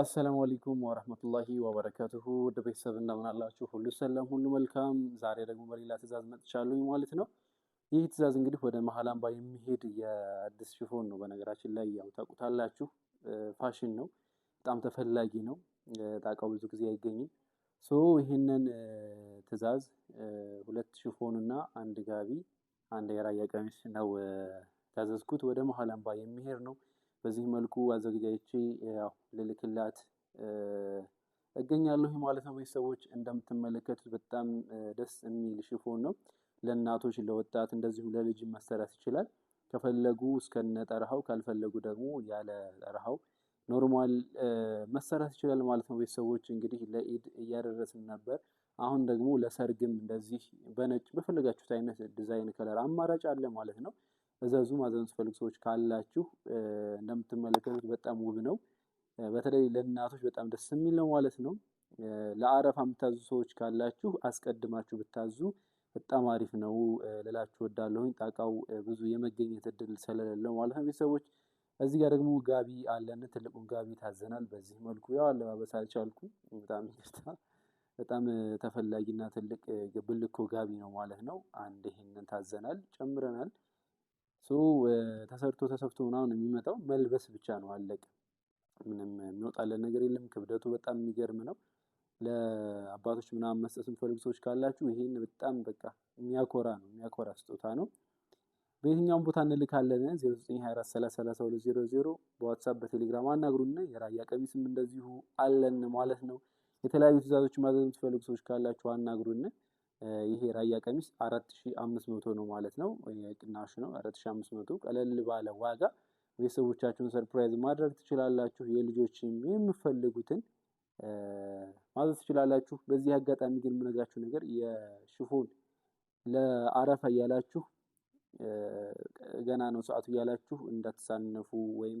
አሰላሙ አለይኩም ወረህመቱላሂ ወበረካቱሁ ወደ ቤተሰብ እንደምን አላችሁ? ሁሉ ሰላም፣ ሁሉ መልካም። ዛሬ ደግሞ በሌላ ትእዛዝ መጥቻለሁ ማለት ነው። ይህ ትእዛዝ እንግዲህ ወደ መሀል አምባ የሚሄድ የአዲስ ሽፎን ነው። በነገራችን ላይ ያው ታውቁታላችሁ፣ ፋሽን ነው፣ በጣም ተፈላጊ ነው። ጣቃው ብዙ ጊዜ አይገኝም። ሶ ይህንን ትእዛዝ ሁለት ሽፎን እና አንድ ጋቢ፣ አንድ የራያ ቀሚስ ነው ታዘዝኩት። ወደ መሀል አምባ የሚሄድ ነው። በዚህ መልኩ አዘግጃጅቼ ያው ልልክላት እገኛለሁ ማለት ነው። ቤተሰቦች እንደምትመለከቱት በጣም ደስ የሚል ሽፎን ነው። ለእናቶች፣ ለወጣት እንደዚሁ ለልጅ መሰራት ይችላል። ከፈለጉ እስከነ ጠረሃው ካልፈለጉ ደግሞ ያለ ጠረሃው ኖርማል መሰራት ይችላል ማለት ነው። ቤተሰቦች እንግዲህ ለኢድ እያደረስን ነበር። አሁን ደግሞ ለሰርግም እንደዚህ በነጭ በፈለጋችሁት አይነት ዲዛይን ከለር አማራጭ አለ ማለት ነው። እዘዙ ማዘዝ የምትፈልጉ ሰዎች ካላችሁ እንደምትመለከቱት በጣም ውብ ነው። በተለይ ለእናቶች በጣም ደስ የሚል ነው ማለት ነው። ለአረፋ የምታዙ ሰዎች ካላችሁ አስቀድማችሁ ብታዙ በጣም አሪፍ ነው ልላችሁ ወዳለሁኝ። ጣቃው ብዙ የመገኘት እድል ስለሌለው ማለት ነው። ቤተሰቦች እዚህ ጋር ደግሞ ጋቢ አለን። ትልቁን ጋቢ ታዘናል። በዚህ መልኩ ያው አለባበስ አልቻልኩ፣ በጣም ይቅርታ። በጣም ተፈላጊና ትልቅ ብልኮ ጋቢ ነው ማለት ነው። አንድ ይህንን ታዘናል፣ ጨምረናል። ተሰርቶ ተሰፍቶ ምናምን የሚመጣው መልበስ ብቻ ነው። አለቀ። ምንም የሚወጣለን ነገር የለም። ክብደቱ በጣም የሚገርም ነው። ለአባቶች ምናምን መስጠት የምትፈልጉ ሰዎች ካላችሁ ይህን በጣም በቃ የሚያኮራ ነው፣ የሚያኮራ ስጦታ ነው። በየትኛውም ቦታ እንልካለን። 0924332000 በዋትሳፕ በቴሌግራም አናግሩና የራያ ቀሚስም እንደዚሁ አለን ማለት ነው። የተለያዩ ትዕዛዞች ማዘዝ የምትፈልጉ ሰዎች ካላችሁ አናግሩና ይሄ ራያ ቀሚስ አራት ሺ አምስት መቶ ነው ማለት ነው። ቅናሽ ነው አራት ሺ አምስት መቶ ቀለል ባለ ዋጋ ቤተሰቦቻችሁን ሰርፕራይዝ ማድረግ ትችላላችሁ። የልጆች የምፈልጉትን ማዘዝ ትችላላችሁ። በዚህ አጋጣሚ ግን የምነግራችሁ ነገር የሽፎን ለአረፋ እያላችሁ ገና ነው ሰዓቱ እያላችሁ እንዳትሳነፉ ወይም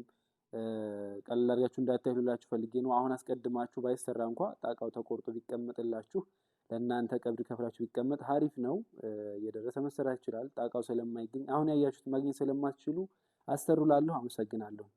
ቀላል አድርጋችሁ እንዳታይሉላችሁ ፈልጌ ነው። አሁን አስቀድማችሁ ባይሰራ እንኳ ጣቃው ተቆርጦ ቢቀመጥላችሁ ለእናንተ ቀብድ ከፍላችሁ ቢቀመጥ ሀሪፍ ነው። የደረሰ መሰራት ይችላል። ጣቃው ስለማይገኝ አሁን ያያችሁት ማግኘት ስለማትችሉ አሰሩላለሁ። አመሰግናለሁ።